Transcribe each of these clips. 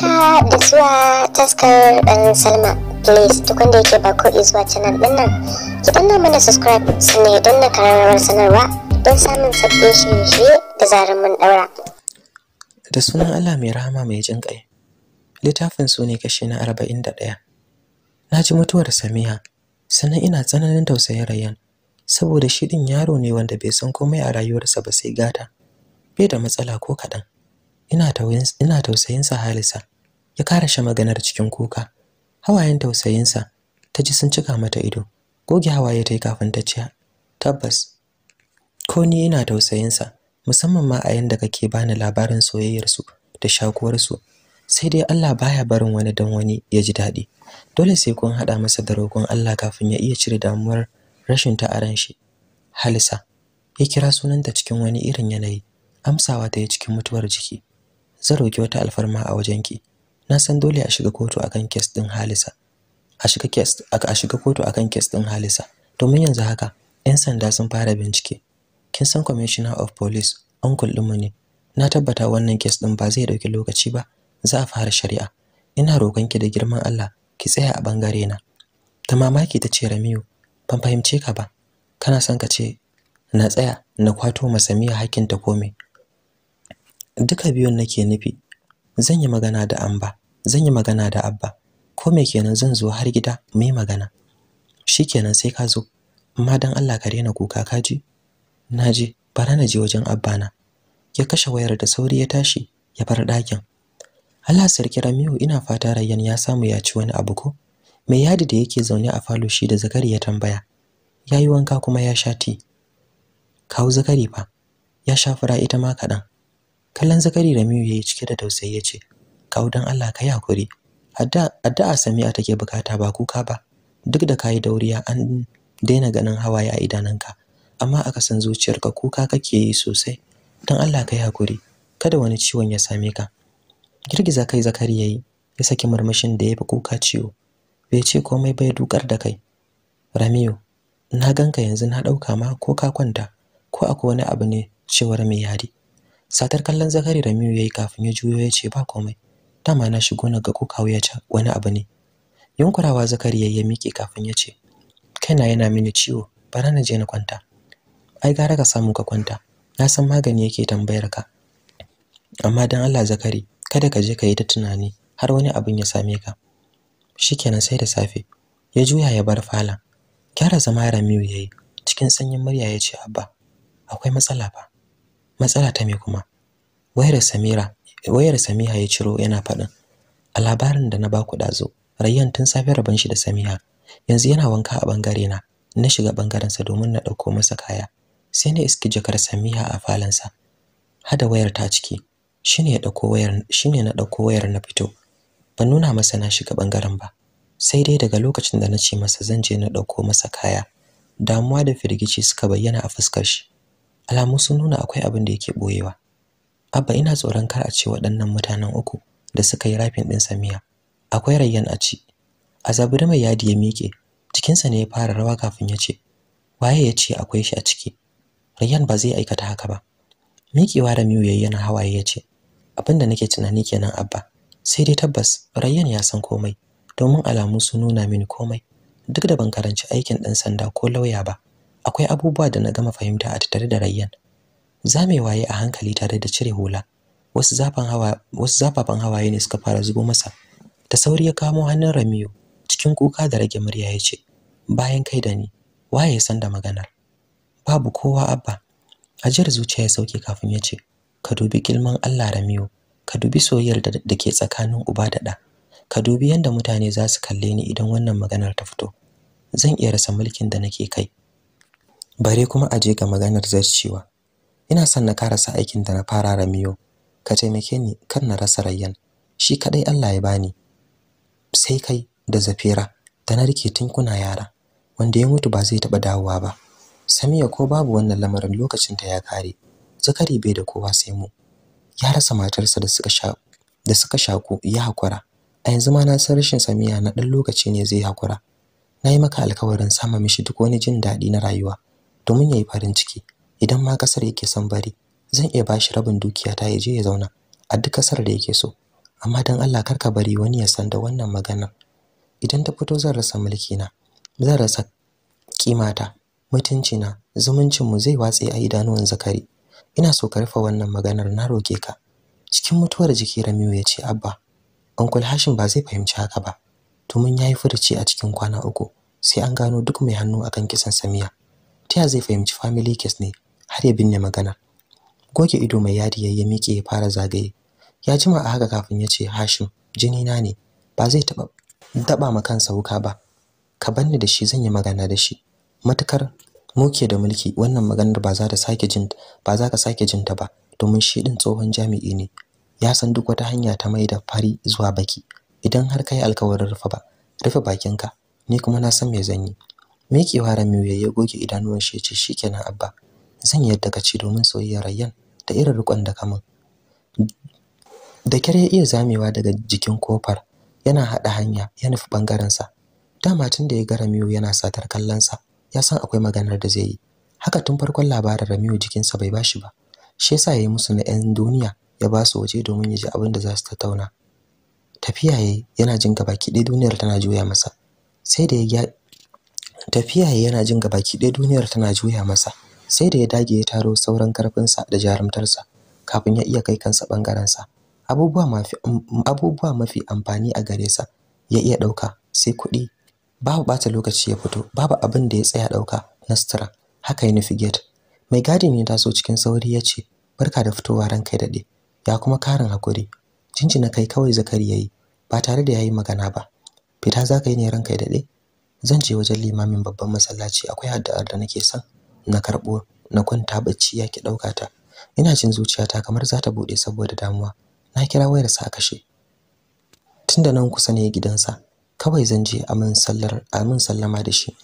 haka da zuwa taskar dan salma please duk wanda yake ba ko zuwa canal din nan ki danna mana subscribe ne don danna karararwar sanarwa don samun sabbin shirye da zarar mun daura da sunan allah mai rahama mai jin kai littafin su kashi na arba'in da ɗaya na ji mutuwar samiha sannan ina tsananin tausayin rayan saboda shi din yaro ne wanda bai san komai a rayuwarsa ba sai gata bai da matsala ko kaɗan ina tausayin sa halisa ya shan maganar cikin kuka hawayen tausayinsa ta ji sun cika mata ido goge hawaye ta yi kafin ta ciya tabbas ko ni ina tausayinsa musamman ma a yanda kake bani labarin soyayyarsu da shakuwarsu sai dai Allah baya barin wani dan wani ya ji daɗi dole sai kun haɗa masa da roƙon Allah kafin ya iya cire damuwar rashin ta a shi Halisa ya kira sunanta cikin wani irin yanayi amsawa ta yi cikin mutuwar jiki zan roki wata alfarma a wajenki na san dole a shiga kotu akan kes din Halisa a shiga kes a shiga kotu akan case din Halisa domin yanzu haka yan sanda sun fara bincike kin san commissioner of police uncle dinmu ne na tabbata wannan kes din ba zai dauki lokaci ba za a fara shari'a ina roƙon ki da girman Allah ki tsaya a bangare na ta mamaki ta ce ramiu ban fahimce ka ba kana son ka ce na tsaya na kwato masamiya hakkin ta kome duka biyun nake nufi zan yi magana da amba zan yi magana da abba ko me kenan zan zo har gida mu magana shi kenan sai ka zo amma dan Allah ka rena kuka ka Na je, bara na je wajen abba na ya kashe wayar da sauri ya tashi ya bar ɗakin Allah sarki Ramiyu ina fata Rayyan ya samu ya ci wani abu ko me yadi da yake zaune a falo shi da Zakari ya tambaya yayi wanka kuma ya sha ti kawo Zakari fa ya sha fura ita ma kaɗan kallon zakari da miyu yayi cike da tausayi yace ce kawo don allah ka yi hakuri addu'a sami'a take bukata ba kuka ba duk da kayi dauriya an daina ganin hawaye a idanunka amma aka san zuciyarka kuka kake yi sosai dan allah ka yi hakuri kada wani ciwon ya same ka girgiza kai zakari yayi ya saki murmushin da ya fi kuka ciwo bai ce komai bai dukar da kai ramiyo na ganka yanzu na dauka ma ko ka kwanta ko akwai wani abu ne cewar mai yadi satar kallon zakari da miyu yayi kafin ya juyo ya ce ba komai dama na shigo na ga ko kawo ya ci wani abu ne yunkurawa zakari yayi ya miƙe kafin ya ce kaina yana mini ciwo bara na je na kwanta ai gara ka samu ka kwanta na san magani yake tambayar ka amma dan Allah zakari kada ka je ka yi ta tunani har wani abin ya same ka shikenan sai da safe ya juya ya bar fala. gyara zama ramiyu yayi cikin sanyin murya ya ce abba akwai matsala ba matsala ta me kuma wayar samira wayar samiha ya ciro yana faɗin a labarin da na baku ɗazu rayyan tun safe rabon shi da samiha yanzu yana wanka a bangare na na shiga bangaren sa domin na ɗauko masa kaya sai na iski jakar samiha a sa hada wayar ta ciki shine ya dauko wayar shine na ɗauko wayar na fito ban nuna masa na shiga bangaren ba sai dai daga lokacin da na ce masa zan je na ɗauko masa kaya damuwa da firgici suka bayyana a fuskar shi alamu sun nuna akwai abin da yake boyewa abba ina tsoron kar a ce waɗannan mutanen uku da suka yi rafin ɗin samiya akwai rayyan a ci a da mai yadi ya miƙe jikinsa ne ya fara rawa kafin ya ce waye ya ce akwai shi a ciki rayyan ba zai aikata haka ba miƙewa da miyu yayi yana hawaye ya ce abin da nake tunani kenan abba sai dai tabbas rayyan ya san komai domin alamu sun nuna mini komai duk da ban karanci aikin ɗan sanda ko lauya ba akwai abubuwa da na gama fahimta a tattare da Rayyan zamewa waye a hankali tare da cire hula wasu zafan hawa wasu zafafan hawaye ne suka fara zubo masa ta sauri ya kamo hannun Ramiyo cikin kuka da rage murya ya ce bayan kai da ni waye ya san da maganar babu kowa abba ajiyar zuciya ya sauke kafin ya ce ka dubi gilman Allah Ramiyo ka dubi soyayyar da ke tsakanin uba da ɗa ka dubi yadda mutane za su kalle ni idan wannan maganar ta fito zan iya rasa mulkin da nake kai bare kuma aje ga maganar zarcewa ina son na karasa aikin da na fara ramiyo ka taimake ni kan na rasa rayyan shi kadai Allah ya bani sai kai da zafira da na rike tun kuna yara wanda ya mutu ba zai taba dawowa ba samiya ko babu wannan lamarin lokacin ta ya kare zakari bai da kowa sai mu ya rasa matarsa da suka sha da suka shaku ya hakura a yanzu ma na san rashin samiya na dan lokaci ne zai hakura na yi maka alkawarin sama mishi duk wani jin daɗi na rayuwa domin ya yi farin ciki idan ma kasar yake son bari zan iya bashi rabin dukiyata ya je ya zauna a duk kasar da yake so amma dan Allah kar ka bari wani ya san da wannan maganar idan ta fito zan rasa mulki na zan rasa kimata mutunci na zumuncin mu zai watse a idanuwan zakari ina so ka rufe wannan maganar na roke ka cikin mutuwar jiki Ramiu ya ce abba Uncle Hashim ba zai fahimci haka ba to ya yi furuci a cikin kwana uku sai an gano duk mai hannu akan kisan Samiya ta zai fahimci family case ne har ya binne magana goge ido mai yadi ya miƙe ya fara zagaye ya jima a haka kafin ya ce Hashim jini na ne ba zai taba daɓa ma kansa wuka ba ka banni da shi zan yi magana da shi matukar muke da mulki wannan maganar ba za ta sake jin ba za ka sake jin ta ba domin shi din tsohon jami'i ne ya san duk wata hanya ta mai da fari zuwa baki idan har kai alkawarin rufe ba rufe bakinka ni kuma na san me zan yi Miƙewa Ramiu ya ya goge idanuwan shi ya ce shikenan abba zan yadda ka ce domin soyayyar Rayyan da irin rikon da kamun. Da kyar ya iya zamewa daga jikin kofar yana haɗa hanya ya nufi bangaren sa. Dama tun da ya ga Ramiu yana satar kallon sa ya san akwai maganar da zai yi. Haka tun farkon labarin Ramiu jikinsa bai bashi ba. Shi yasa yayi musu na 'yan duniya ya ba su waje domin ya ji abin da za su tattauna. Tafiya yayi yana jin gaba ɗaya duniyar tana juya masa. Sai da ya tafiya yana jin ki ɗaya duniyar tana juya masa sai da ya dage ya taro sauran karfinsa da jarumtarsa kafin ya iya kai kansa ɓangarensa abubuwa mafi amfani a gare sa ya iya ɗauka sai kuɗi babu ɓata lokaci ya fito babu abin da ya tsaya ɗauka na sutura haka ya nufi gate mai gadin ya taso cikin sauri ya ce barka da fitowa ran kai daɗe ya kuma karin hakuri jinjina kai kawai zakari ya yi ba tare da ya yi magana ba fita za ka yi ne ran kai daɗe zan je wajen limamin babban masallaci akwai addu'ar da nake son na karbo na kwanta bacci ya dauka ɗauka ta ina jin zuciyata kamar za ta buɗe saboda damuwa na kira wayar sa kashe tunda nan kusa ne gidansa kawai zan je amin sallar amin sallama da shi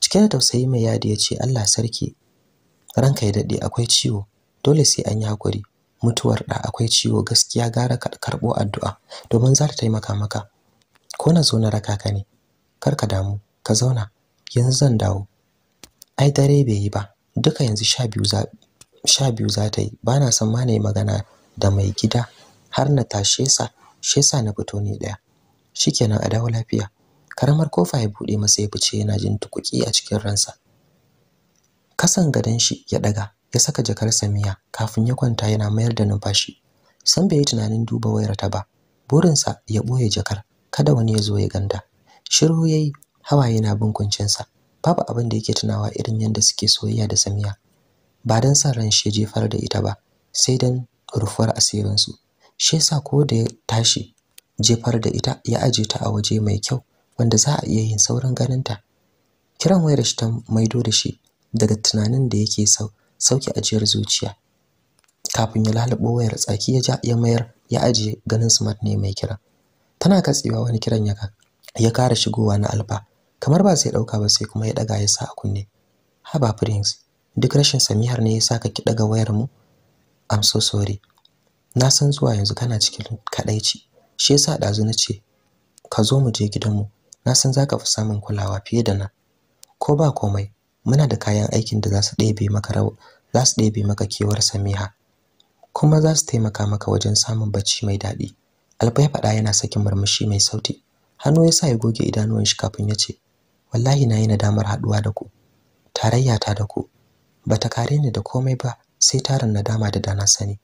cike da tausayi mai yadi ya ce Allah sarki ranka ya dade akwai ciwo dole sai an yi hakuri mutuwar da akwai ciwo gaskiya gara ka karbo addu'a domin za ta taimaka maka ko na zo na raka ka ne kar ka damu ka zauna yanzu zan dawo ai dare bai yi ba duka yanzu sha biyu za ta yi ba na son ma na yi magana da mai gida har na tashe sa shi na fito ni ɗaya shikenan a dawo lafiya karamar kofa ya buɗe masa ya fice yana jin tukuki a cikin ransa kasan gadon shi ya ɗaga, ya saka jakar samiya kafin ya kwanta yana mayar da numfashi san bai yi tunanin duba wayar ta ba burinsa ya ɓoye jakar kada wani ya zo ya ganda shiru yayi hawaye na bin kuncinsa babu abin da yake tunawa irin yadda suke soyayya da samiya ba don san ran shi jefar da ita ba sai don rufuwar asirinsu shi yasa ko da ya tashi jefar da ita ya aje ta a waje mai kyau wanda za a iya yin saurin ganinta kiran wayar shi ta maido da shi daga tunanin da yake sau sauki ajiyar zuciya kafin ya lalabo wayar tsaki ya ja ya mayar ya aje ganin smart ne mai kira tana katsewa wani kiran ya ka ya kara shigowa na alfa kamar ba zai dauka ba sai kuma ya daga ya sa a kunne haba prince duk rashin samihar ne ya saka ki daga wayar mu i'm so sorry na san zuwa yanzu kana cikin kadaici shi yasa dazu na ce ka zo mu je gidanmu na san zaka fi samun kulawa fiye da na ko ba komai muna da kayan aikin da za su ɗebe maka rawa za su ɗebe maka kewar samiha kuma za su taimaka maka wajen samun bacci mai daɗi alfa ya faɗa yana sakin murmushi mai sauti hannu ya sa ya goge idanuwan shi kafin ya ce wallahi na yi nadamar haɗuwa da ku tarayya ta da ku ba ta kare ni da komai ba sai tarin nadama da dana sani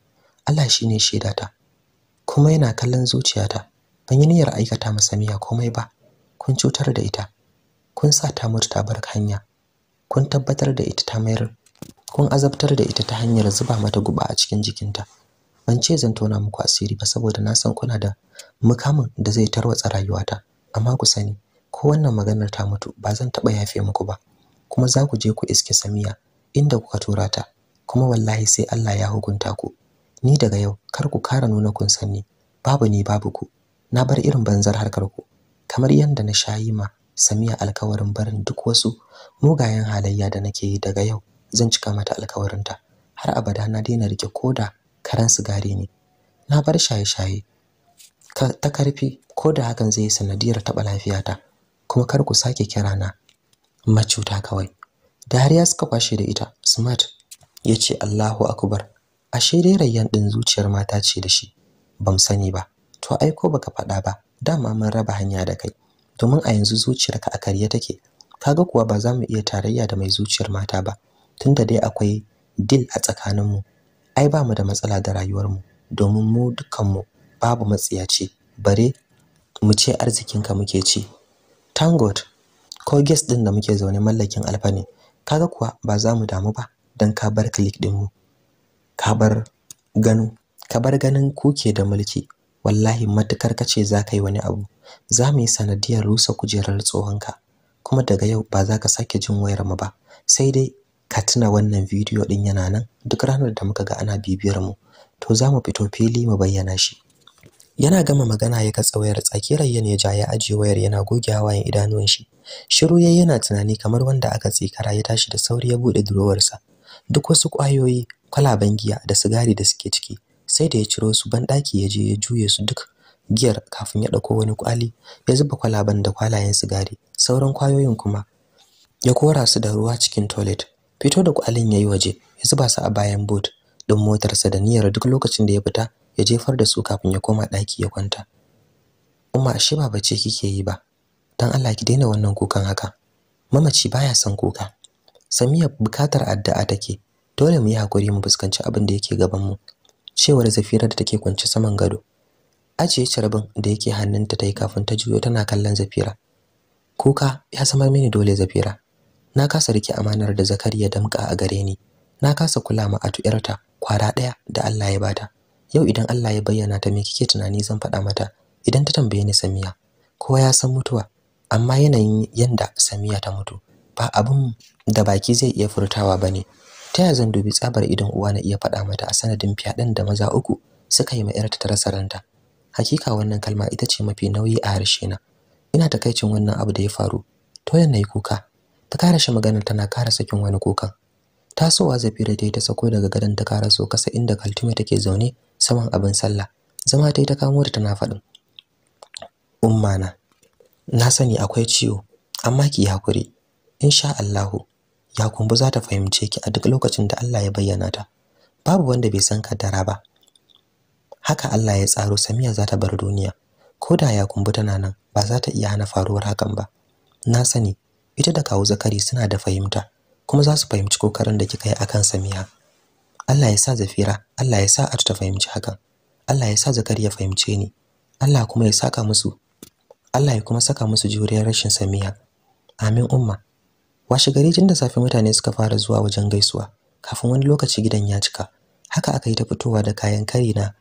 Allah shi ne shaidata kuma yana kallon zuciyata ban yi niyyar aikata masa miya komai ba kun cutar da ita kun sa ta mutu ta bar hanya kun tabbatar da ita ta mayar kun azabtar da ita ta hanyar zuba mata guba a cikin jikinta ban ce zan tona muku asiri ba saboda na san kuna da mukamin da zai tarwatsa rayuwata amma ku sani ko wannan maganar ta mutu ba zan taɓa yafe muku ba kuma za ku je ku iske samiya inda kuka tura ta kuma wallahi sai Allah ya hukunta ku ni daga yau kar ku kara nuna kun sanni babu ni babu ku na bar irin banzar harkar ku kamar yadda na shayi ma samiya alkawarin barin duk wasu mugayen halayya da nake yi daga yau zan cika mata alkawarinta har abada na daina rike koda karan sigari ne na bar shaye-shaye ta karfi ko da hakan zai sanadiyar taɓa lafiyata kuma kar ku sake kira na macuta kawai dariya suka kwashe da ita smart ya ce Allahu akbar ashe dai rayyan din zuciyar mata ce da shi bam sani ba to ai ko baka faɗa ba dama mun raba hanya da kai domin a yanzu zuciyarka a karye take kaga kuwa ba za mu iya tarayya da mai zuciyar mata ba tunda dai akwai dil a tsakaninmu ai ba mu da matsala da rayuwarmu domin mu dukkanmu babu matsiyaci bare mu ce arzikinka muke ci thank ko guest din da muke zaune mallakin alfa ne kaga kuwa ba za mu damu ba dan ka bar click din mu ka bar gano ka bar ganin kuke da mulki wallahi matukar kace za ka yi wani abu za mu yi sanadiyar rusa kujerar tsohonka kuma daga yau ba za ka sake jin wayar mu ba sai dai ka tuna wannan bidiyo din yana nan duk ranar da muka ga ana bibiyar mu to za mu fito fili mu bayyana shi yana gama magana ya katse wayar tsakiyar ya ja ya ajiye wayar yana goge hawayen idanuwan shi shiru yayi yana tunani kamar wanda aka tsikara ya tashi da sauri ya bude durowarsa duk wasu kwayoyi kwalaban giya da sigari da suke ciki sai da ya ciro su ban daki ya je ya juye su duk giyar kafin ya dauko wani kwali ya zuba kwalaban da kwalayen sigari sauran kwayoyin kuma ya kora su da ruwa cikin toilet fito da kwalin yayi waje ya zuba su a bayan boot din motarsa da niyyar duk lokacin da ya fita ya jefar da su kafin ya koma ɗaki ya kwanta umma ashe ba bace kike yi ba Don Allah ki daina wannan kukan haka mamaci baya son kuka samiya bukatar addu'a take dole mu yi hakuri mu fuskanci abin da yake gaban mu cewar zafira da take kwance saman gado ajiye carbin da yake hannunta ta yi kafin ta juyo tana kallon zafira kuka ya samar mini dole zafira na kasa rike amanar da zakari ya damka a gare ni na kasa kula ma a tuyarta kwara daya da Allah ya bata yau idan Allah ya bayyana ta me kike tunani zan faɗa mata idan ta tambaye ni Samiya kowa ya san mutuwa amma yanayin yanda Samiya ta mutu ba abin da baki zai iya furtawa bane ta yaya zan dubi tsabar idan uwa na iya faɗa mata a sanadin fyaɗen da maza uku suka yi ma ta rasa ranta hakika wannan kalma ita ce mafi nauyi a harshe na ina takaicin wannan abu da ya faru toyan nayi kuka ta kara shi maganar tana kara sakin wani kukan tasowa zafira ta yi ta sako daga gadon ta kara so kasa inda kaltume take zaune saman abin sallah zama ta ta kamo da tana faɗin Ummana. na sani akwai ciwo amma ki hakuri insha Allahu ya kumbu za ta fahimce ki a duk lokacin da Allah ya bayyana ta babu wanda bai san kaddara ba haka Allah ya tsaro Samiya za ta bar duniya ko da ya kumbu tana nan ba za ta iya hana faruwar hakan ba na sani ita da kawu Zakari suna da fahimta kuma za su fahimci kokarin da kika yi akan Samiya Allah ya sa Zafira Allah ya sa Arta ta fahimci hakan Allah ya sa Zakari ya fahimce ni Allah kuma ya saka musu Allah ya kuma saka musu juriyar rashin samiya amin umma washe gari tun da safe mutane suka fara zuwa wajen gaisuwa kafin wani lokaci gidan ya cika haka aka yi ta fitowa da kayan kari na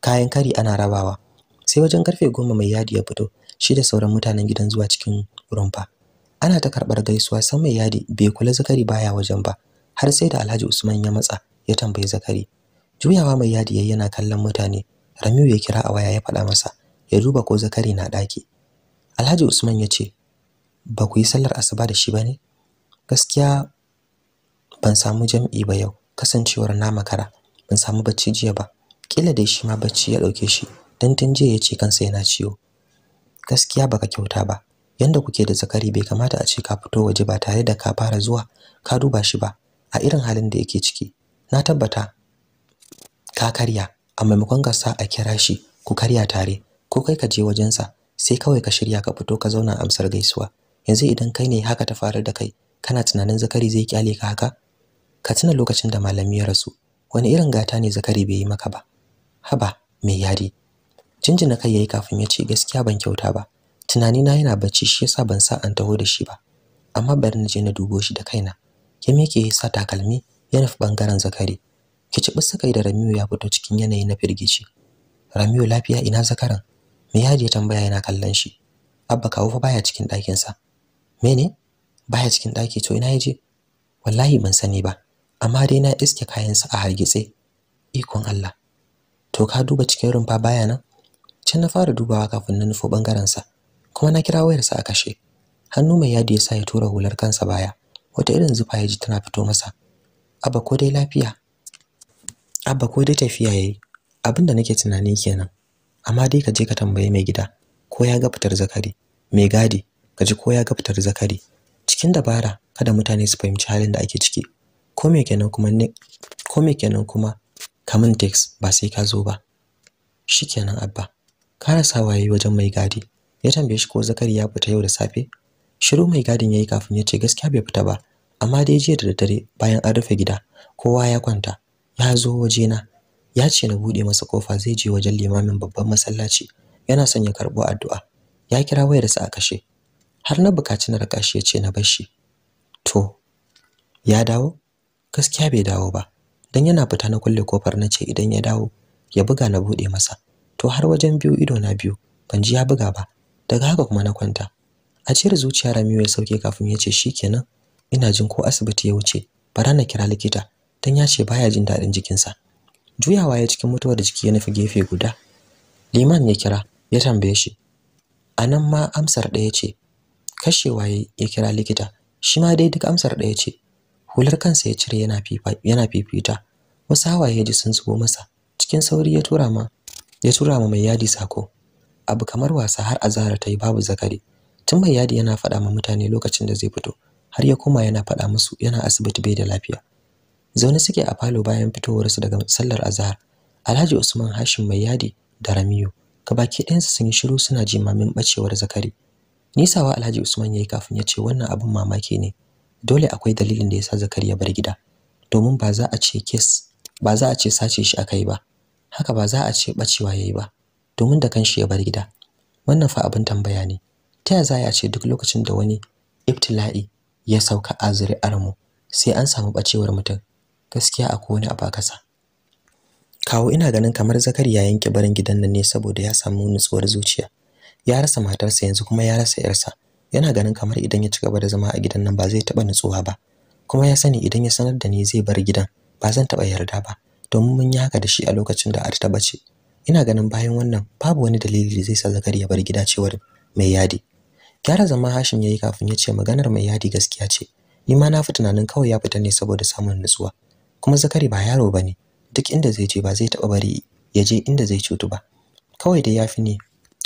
kayan kari ana rabawa sai wajen karfe goma mai yadi ya fito shi da sauran mutanen gidan zuwa cikin rumfa ana ta karɓar gaisuwa san mai yadi bai kula zakari baya wajen ba har sai da alhaji usman ya matsa ya tambayi Zakari juyawa mai yadi yayi yana kallon mutane Ramiu ya kira a waya ya faɗa masa ya duba ko Zakari na daki. Alhaji Usman ya ce ba ku yi sallar asuba da shi bane gaskiya ban samu jam'i ba yau kasancewar na makara ban samu bacci jiya ba kila dai shi ma bacci ya dauke shi dan tun jiya yace kansa yana ciwo gaskiya baka kyauta ba yanda kuke da zakari bai kamata a ce ka fito waje ba tare da ka fara zuwa ka duba shi ba a irin halin da yake ciki na tabbata ka karya a maimakon ka sa a kira shi ku karya tare ko kai ka je wajensa sai kawai ka shirya ka fito ka zauna amsar gaisuwa yanzu idan kai ne haka ta faru da kai kana tunanin zakari zai kyale ka haka ka tuna lokacin da malami ya rasu wani irin gata ne zakari bai yi maka ba haba mai yadi jinjina kai yayi kafin ya ce gaskiya ban kyauta ba tunani na yana bacci shi yasa ban sa an taho da shi ba amma bari na je na dubo shi da kaina ya me ya sa takalmi ya nufi bangaren zakari Ki kicibi kai da Ramiu ya fito cikin yanayi na firgici Ramiu lafiya ina zakaran me yaji ya tambaya yana kallon shi abba kawo fa baya cikin ɗakin sa mene baya cikin ɗaki to ina yaje wallahi ban sani ba amma dai na iske kayan sa a hargitse ikon Allah to ka duba cikin rumfa baya nan can na fara dubawa kafin na nufo bangaren sa kuma na kira sa a kashe hannu mai yadi ya sa ya tura hular kansa baya wata irin zufa ya ji tana fito masa abba ko dai lafiya abba ko dai tafiya yayi Abinda da nake tunani kenan amma dai ka je ka tambaye mai gida ko ya ga fitar zakari mai gadi ka ji ko ya ga fitar zakari cikin dabara kada mutane su fahimci halin da ake ciki ko me kenan kuma ne ko me kenan kuma kamun text ba sai ka zo ba Shi shikenan abba karasa waye wajen mai gadi ya tambaye shi ko zakari ya fita yau da safe shiru mai gadin yayi kafin ya ce gaskiya bai fita ba amma dai jiya da daddare bayan an rufe gida kowa ya kwanta ya zo wajena ya ce na bude masa kofa zai je wajen limamin babban masallaci yana son ya karɓo addu'a ya kira wayar sa a kashe har na bukaci na raka shi ya ce na bashi. to ya dawo gaskiya bai dawo ba dan yana fita na kulle kofar na ce idan ya dawo ya buga na bude masa to har wajen biyu ido na biyu ban ji ya buga ba daga haka kuma na kwanta a cire zuciya Ramiyu ya sauke kafin ya ce shikenan ina jin ko asibiti ya wuce bara na kira likita dan ya ce baya jin daɗin jikinsa juyawa ya cikin mutuwar jiki ya nufi gefe guda liman ya kira ya tambaye shi Anan ma amsar ɗaya ce kashewa ya kira likita shi ma dai duk amsar ɗaya ce hular kansa ya cire yana fifa yana fifita wasu hawaye ji sun zubo masa cikin sauri ya tura ma ya tura ma mai yadi sako abu kamar wasa har azara ta yi babu zakari tun mai yadi yana faɗa ma mutane lokacin da zai fito har ya koma yana faɗa musu yana asibiti bai da lafiya zaune suke a falo bayan fitowarsu daga sallar azhar alhaji usman hashim mai yadi da ramiyu gabaki ɗayansu sun yi shiru suna jimamin ɓacewar zakari Nisa wa alhaji usman ya yi kafin ya ce wannan abin mamaki ne dole akwai dalilin da ya sa zakari ya bar gida domin ba za a ce kes ba za a ce sace shi aka yi ba haka ba za a ce ɓacewa ya yi ba domin da kanshi ya bar gida wannan fa abin tambaya ne ta yaya za a ce duk lokacin da wani ibtila'i ya sauka a mu, sai an samu bacewar mutum gaskiya akwai wani kasa. kawo ina ganin kamar zakari ya yanke barin gidan nan ne saboda ya samu nutsuwar zuciya ya rasa matarsa yanzu kuma ya rasa yarsa yana ganin kamar idan ya ci gaba da zama a gidan nan ba zai taba nutsuwa ba kuma ya sani idan ya sanar da ni zai bar gidan ba zan taba yarda ba domin mun yi haka da shi a lokacin da Arta bace ina ganin bayan wannan babu wani dalili da zai sa Zakari ya bar gida cewar mai yadi gyara zama hashim ya yi kafin ya ce maganar mai yadi gaskiya ce ni ma na fi tunanin kawai ya fita ne saboda samun nutsuwa kuma zakari ba yaro ba ne duk inda zai je ba zai taɓa bari ya je inda zai cutu ba kawai da ya fi ne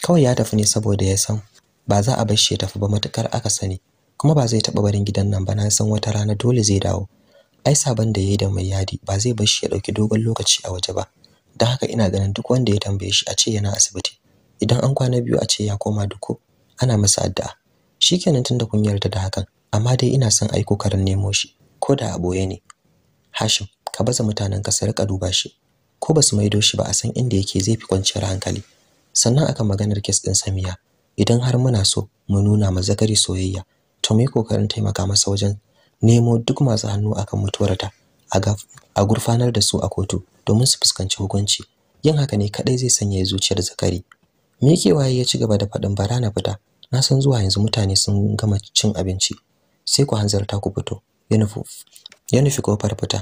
kawai ya tafi ne saboda ya san ba za a bashi ya tafi ba matukar aka sani kuma ba zai taɓa barin gidan nan ba na san wata rana dole zai dawo ai saban da yayi da mai yadi ba zai bar ya ɗauki dogon lokaci a waje ba don haka ina ganin duk wanda ya tambaye shi a ce yana asibiti idan an kwana biyu a ce ya koma duko ana masa addu'a shikenan tunda kun yarda da hakan amma dai ina son ai karin nemo shi ko da a boye ne Hashim ka baza mutanen ka su rika duba shi ko ba su maido shi ba a san inda yake zai fi kwanciyar hankali sannan akan maganar kes din Samiya idan har muna so mu nuna ma Zakari soyayya to mu kokarin taimaka masa wajen nemo duk masu hannu akan mutuwar ta a gurfanar da su a kotu domin su fuskanci hukunci yin haka ne kadai zai sanya zuciyar Zakari me yake waye ya ci gaba da faɗin bara na fita na san zuwa yanzu mutane sun gama cin abinci sai ku hanzarta ku fito ya nufi kofar fita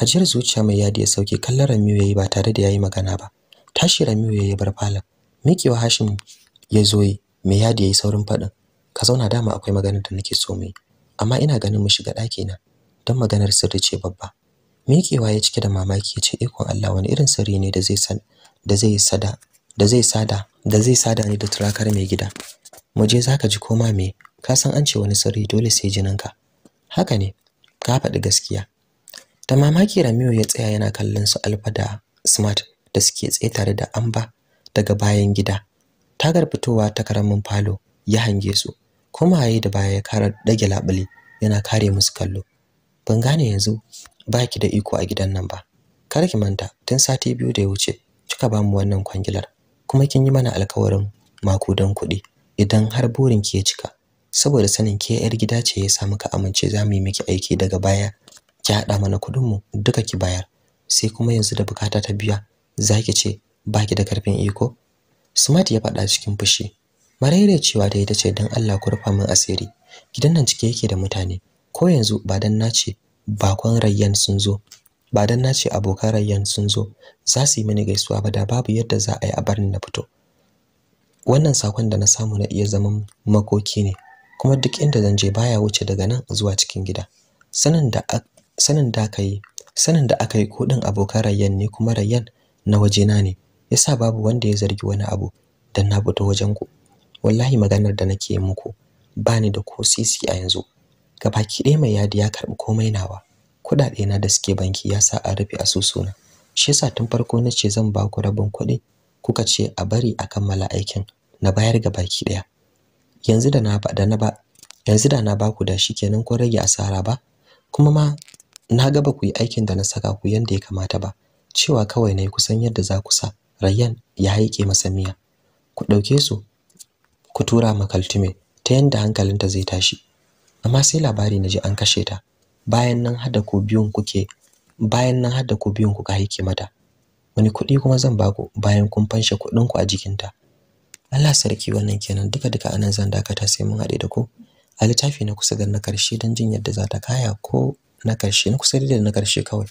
ajiyar zuciya mai yadi ya sauke kallon ramiyu yi ba tare da ya yi magana ba tashi ramiyu yi bar falon mikewa hashim ya zo yi mai yadi ya yi saurin faɗin ka zauna dama akwai maganar da nake so mu yi amma ina ganin mu shiga ɗaki na don maganar sirri ce babba mikewa ya cike da mamaki ya ce ikon Allah wani irin sirri ne da zai sada ne da turakar mai gida mu je zaka ji koma me ka san an ce wani sauri, dole sai jininka haka ne ka faɗi gaskiya ta mamaki Ramiyo ya tsaya yana kallon su Alfa da Smart da suke tsaye tare da Amba daga bayan gida tagar fitowa ta karamin falo ya hange su kuma haye da baya ya kara dage labule yana kare musu kallo ban gane yanzu baki da iko a gidan nan ba kar ki manta tun sati biyu da ya wuce kika ba mu wannan kwangilar kuma kin yi mana alkawarin makudan kuɗi idan har burin ki ya cika saboda sanin ke yar gida ce ya samu ka amince za mu yi miki aiki daga baya ki haɗa mana kuɗin mu duka ki bayar sai kuma yanzu da bukata ta biya zaki ce ba ki da karfin iko smart ya faɗa cikin fushi maraire cewa da ita ce don Allah ku rufa min asiri gidan nan cike yake da mutane ko yanzu ba dan nace bakon rayyan sun zo ba dan nace abokan rayyan sun zo za su yi mini gaisuwa ba da babu yadda za a yi a barin na fito wannan sakon da na samu na iya zaman makoki ne kuma duk inda zan je baya wuce daga nan zuwa cikin gida sanin da sanin da aka yi sanin da aka yi din abokan rayyan ne kuma rayyan na waje na ne yasa babu wanda ya zargi wani abu dan na fito wajen ku wallahi maganar da nake muku bani da ko sisi a yanzu gabaki ɗaya mai yadi ya karɓi komai nawa kuɗaɗe na da suke banki ya sa a rufe asusuna shi yasa tun farko na ce zan ba ku rabin kuɗi kuka ce a bari a kammala aikin na bayar ga baki daya yanzu da na da na ba yanzu da na baku da shikenan kun rage asara ba kuma ma na ga ba ku yi aikin da na saka ku yanda ya kamata ba cewa kawai nayi kusan yadda za ku sa Rayyan ya haike masa miya ku dauke su ku tura ma Kaltume ta yanda hankalinta zai tashi amma sai labari na naji an kashe ta bayan nan hada ku biyun kuke bayan nan hada ku biyun kuka haike mata wani kuɗi kuma zan ba bayan kun fanshe kuɗin ku a jikinta Allah sarki wannan kenan duka duka anan zan dakata sai mun haɗe da ku a littafi na kusa da na karshe don jin yadda za ta kaya ko na karshe na kusa da na karshe kawai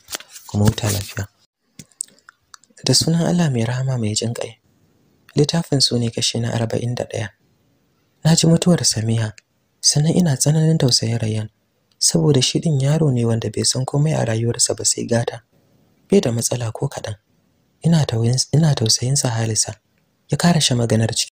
kuma huta lafiya da sunan Allah mai rahama mai jin ƙai littafin su ne kashi na 41 na ji mutuwar Samiha sannan ina tsananin tausayin rayan saboda shi din yaro ne wanda bai san komai a rayuwarsa ba sai gata bai da matsala ko kaɗan ina tausayin sa Halisa ya shi maganar